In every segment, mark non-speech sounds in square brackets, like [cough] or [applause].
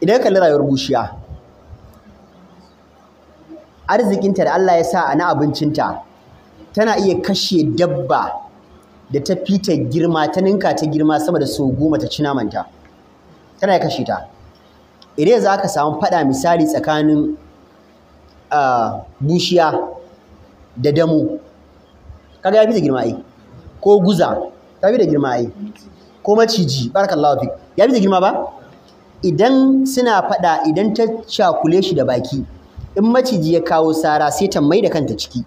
idan kalli rayuwar bushiya arzikinta da Allah ya sa a na abincinta tana iya kashe dabba da ta fita girma ta ninka ta girma sama da so goma ta ci namanta tana iya kashe ta idan za ka samu faɗa misali tsakanin bushiya da damu kaga ya fi da girma ai ko guza ta fi da girma ai ko maciji barakallahu fik ya fi da girma ba idan suna faɗa idan ta cakule shi da baki in maciji ya kawo sara sai ta mai da kanta ciki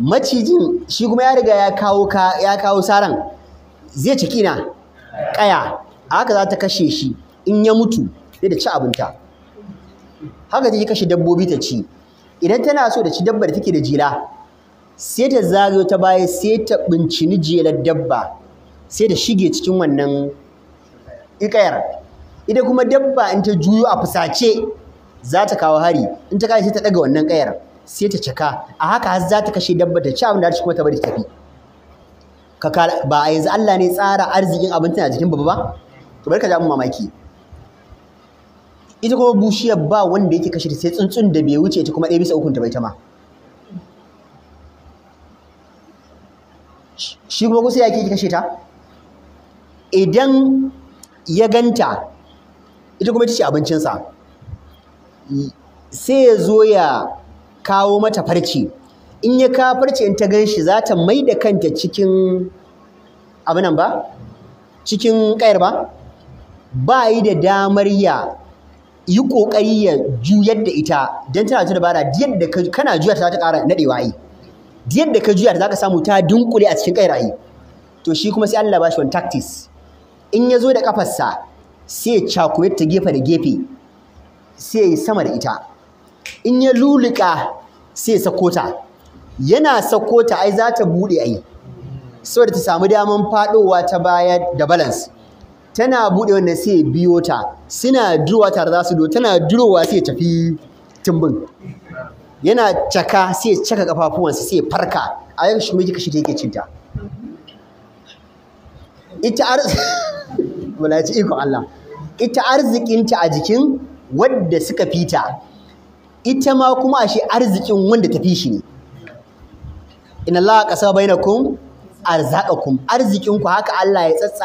macijin shi kuma ya riga ya kawo ya kawo saran zai ciki na ƙaya haka za ta kashe shi in ya mutu sai da ci abinta haka take kashe dabbobi ta ci idan tana so da ci dabbar take da jila sai ta zagayo ta baya sai ta bincini jelar dabba sai ta shige cikin wannan ikayar ita kuma dabba in ta juyo a fusace za ta kawo hari in ta sai ta daga wannan kayar sai ta cika a haka har za ta kashe dabba ta ci abinda da kuma ta bari ta tafi ba a yanzu Allah ne tsara arzikin abinci a jikin babba ba to barka da mamaki ita kuma bushiyar ba wanda yake kashe ta sai tsuntsun da bai wuce ta kuma ɗaya bisa ukun ta bai ta ma shi kuma kusa yake kashe ta idan ya ganta ita kuma ita ce abincinsa sai ya zo ya kawo mata farce in ya kawo farce in ta gan shi za ta mai da kanta cikin abinan ba cikin ƙayar ba ba yi da damar ya yi ƙoƙari ya juyar da ita don tana da bara diyar da kana juyar ta ta ƙara naɗewa yi diyar da ka juya ta za ka samu ta dunkule a cikin ƙayar ayi to shi kuma sai Allah ba shi wani tactics in ya zo da ƙafarsa sai ya ta gefe da gefe sai ya yi sama da ita in ya lulika sai ya yana sakota ai za ta buɗe ai saboda ta samu daman faɗowa ta baya da balance tana buɗe wannan sai biyo ta suna durowa tare za su do tana durowa sai tafi tumbin yana caka sai ya caka kafafuwansa sai farka a yau shi mai kashi ta yake cinta ita [laughs] wala ikon Allah ita arzikinta a jikin wadda suka fita ita ma kuma shi arzikin wanda ta fi shi ne inna Allah qasaba bainakum arzaqakum arzikin ku haka Allah ya tsatsa